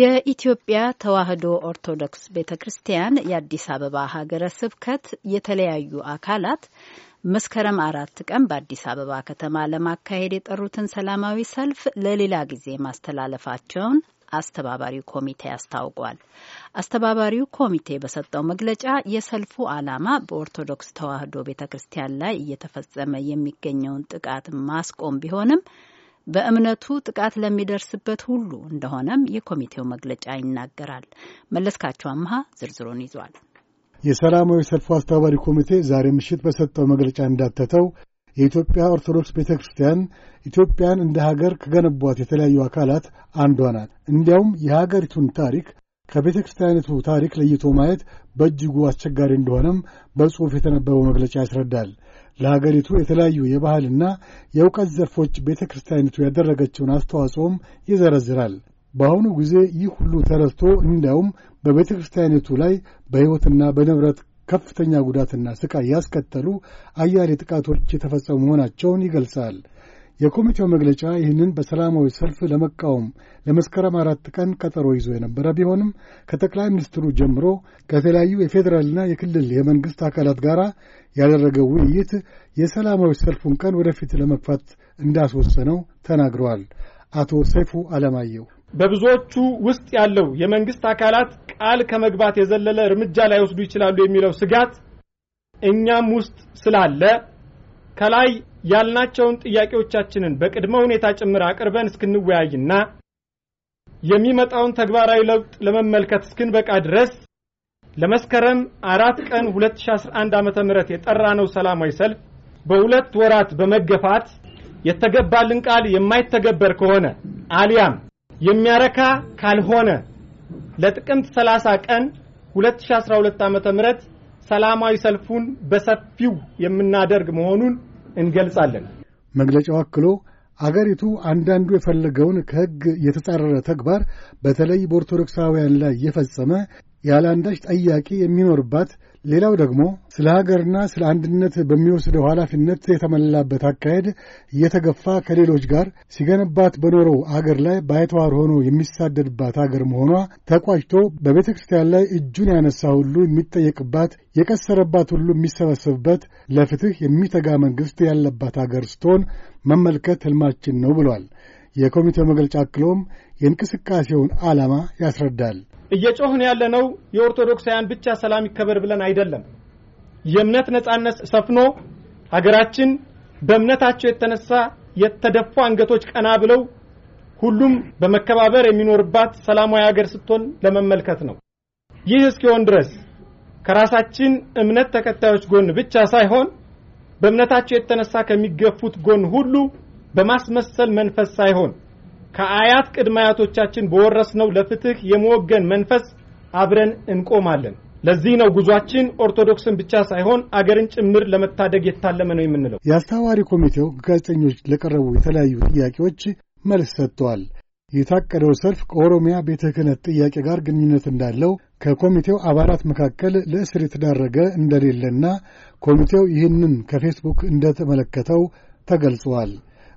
የኢትዮጵያ ተዋህዶ ኦርቶዶክስ ቤተ ክርስቲያን የአዲስ አበባ ሀገረ ስብከት የተለያዩ አካላት መስከረም አራት ቀን በአዲስ አበባ ከተማ ለማካሄድ የጠሩትን ሰላማዊ ሰልፍ ለሌላ ጊዜ ማስተላለፋቸውን አስተባባሪው ኮሚቴ አስታውቋል። አስተባባሪው ኮሚቴ በሰጠው መግለጫ የሰልፉ ዓላማ በኦርቶዶክስ ተዋህዶ ቤተ ክርስቲያን ላይ እየተፈጸመ የሚገኘውን ጥቃት ማስቆም ቢሆንም በእምነቱ ጥቃት ለሚደርስበት ሁሉ እንደሆነም የኮሚቴው መግለጫ ይናገራል። መለስካቸው አምሃ ዝርዝሩን ይዟል። የሰላማዊ ሰልፉ አስተባባሪ ኮሚቴ ዛሬ ምሽት በሰጠው መግለጫ እንዳተተው የኢትዮጵያ ኦርቶዶክስ ቤተ ክርስቲያን ኢትዮጵያን እንደ ሀገር ከገነቧት የተለያዩ አካላት አንዷ ናት። እንዲያውም የሀገሪቱን ታሪክ ከቤተ ክርስቲያኒቱ ታሪክ ለይቶ ማየት በእጅጉ አስቸጋሪ እንደሆነም በጽሑፍ የተነበበው መግለጫ ያስረዳል። ለሀገሪቱ የተለያዩ የባህልና የእውቀት ዘርፎች ቤተ ክርስቲያኒቱ ያደረገችውን አስተዋጽኦም ይዘረዝራል። በአሁኑ ጊዜ ይህ ሁሉ ተረስቶ እንዲያውም በቤተ ክርስቲያኒቱ ላይ በሕይወትና በንብረት ከፍተኛ ጉዳትና ስቃይ ያስከተሉ አያሌ ጥቃቶች የተፈጸሙ መሆናቸውን ይገልጻል። የኮሚቴው መግለጫ ይህንን በሰላማዊ ሰልፍ ለመቃወም ለመስከረም አራት ቀን ቀጠሮ ይዞ የነበረ ቢሆንም ከጠቅላይ ሚኒስትሩ ጀምሮ ከተለያዩ የፌዴራልና የክልል የመንግሥት አካላት ጋር ያደረገው ውይይት የሰላማዊ ሰልፉን ቀን ወደፊት ለመግፋት እንዳስወሰነው ተናግረዋል። አቶ ሰይፉ አለማየሁ በብዙዎቹ ውስጥ ያለው የመንግሥት አካላት ቃል ከመግባት የዘለለ እርምጃ ላይወስዱ ይችላሉ የሚለው ስጋት እኛም ውስጥ ስላለ ከላይ ያልናቸውን ጥያቄዎቻችንን በቅድመ ሁኔታ ጭምር አቅርበን እስክንወያይና የሚመጣውን ተግባራዊ ለውጥ ለመመልከት እስክንበቃ ድረስ ለመስከረም አራት ቀን 2011 ዓመተ የጠራ የጠራነው ሰላማዊ ሰልፍ በሁለት ወራት በመገፋት የተገባልን ቃል የማይተገበር ከሆነ አሊያም የሚያረካ ካልሆነ ለጥቅምት 30 ቀን 2012 ዓ ም ሰላማዊ ሰልፉን በሰፊው የምናደርግ መሆኑን እንገልጻለን። መግለጫው አክሎ አገሪቱ አንዳንዱ የፈለገውን ከሕግ የተጻረረ ተግባር በተለይ በኦርቶዶክሳውያን ላይ የፈጸመ ያለ አንዳች ጠያቂ የሚኖርባት፣ ሌላው ደግሞ ስለ ሀገርና ስለ አንድነት በሚወስደው ኃላፊነት የተሞላበት አካሄድ እየተገፋ ከሌሎች ጋር ሲገነባት በኖረው አገር ላይ ባይተዋር ሆኖ የሚሳደድባት አገር መሆኗ ተቋጭቶ በቤተ ክርስቲያን ላይ እጁን ያነሳ ሁሉ የሚጠየቅባት፣ የቀሰረባት ሁሉ የሚሰበሰብበት፣ ለፍትህ የሚተጋ መንግሥት ያለባት አገር ስትሆን መመልከት ህልማችን ነው ብሏል። የኮሚቴው መግለጫ አክሎም የእንቅስቃሴውን ዓላማ ያስረዳል። እየጮህን ያለነው የኦርቶዶክሳውያን ብቻ ሰላም ይከበር ብለን አይደለም። የእምነት ነጻነት ሰፍኖ ሀገራችን በእምነታቸው የተነሳ የተደፉ አንገቶች ቀና ብለው ሁሉም በመከባበር የሚኖርባት ሰላማዊ ሀገር ስትሆን ለመመልከት ነው። ይህ እስኪሆን ድረስ ከራሳችን እምነት ተከታዮች ጎን ብቻ ሳይሆን በእምነታቸው የተነሳ ከሚገፉት ጎን ሁሉ በማስመሰል መንፈስ ሳይሆን ከአያት ቅድመ አያቶቻችን በወረስነው ለፍትህ የመወገን መንፈስ አብረን እንቆማለን። ለዚህ ነው ጉዟችን ኦርቶዶክስን ብቻ ሳይሆን አገርን ጭምር ለመታደግ የታለመ ነው የምንለው። የአስተባባሪ ኮሚቴው ጋዜጠኞች ለቀረቡ የተለያዩ ጥያቄዎች መልስ ሰጥተዋል። የታቀደው ሰልፍ ከኦሮሚያ ቤተ ክህነት ጥያቄ ጋር ግንኙነት እንዳለው ከኮሚቴው አባላት መካከል ለእስር የተዳረገ እንደሌለና ኮሚቴው ይህንን ከፌስቡክ እንደተመለከተው ተገልጿል።